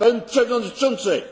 Pan Przewodniczący!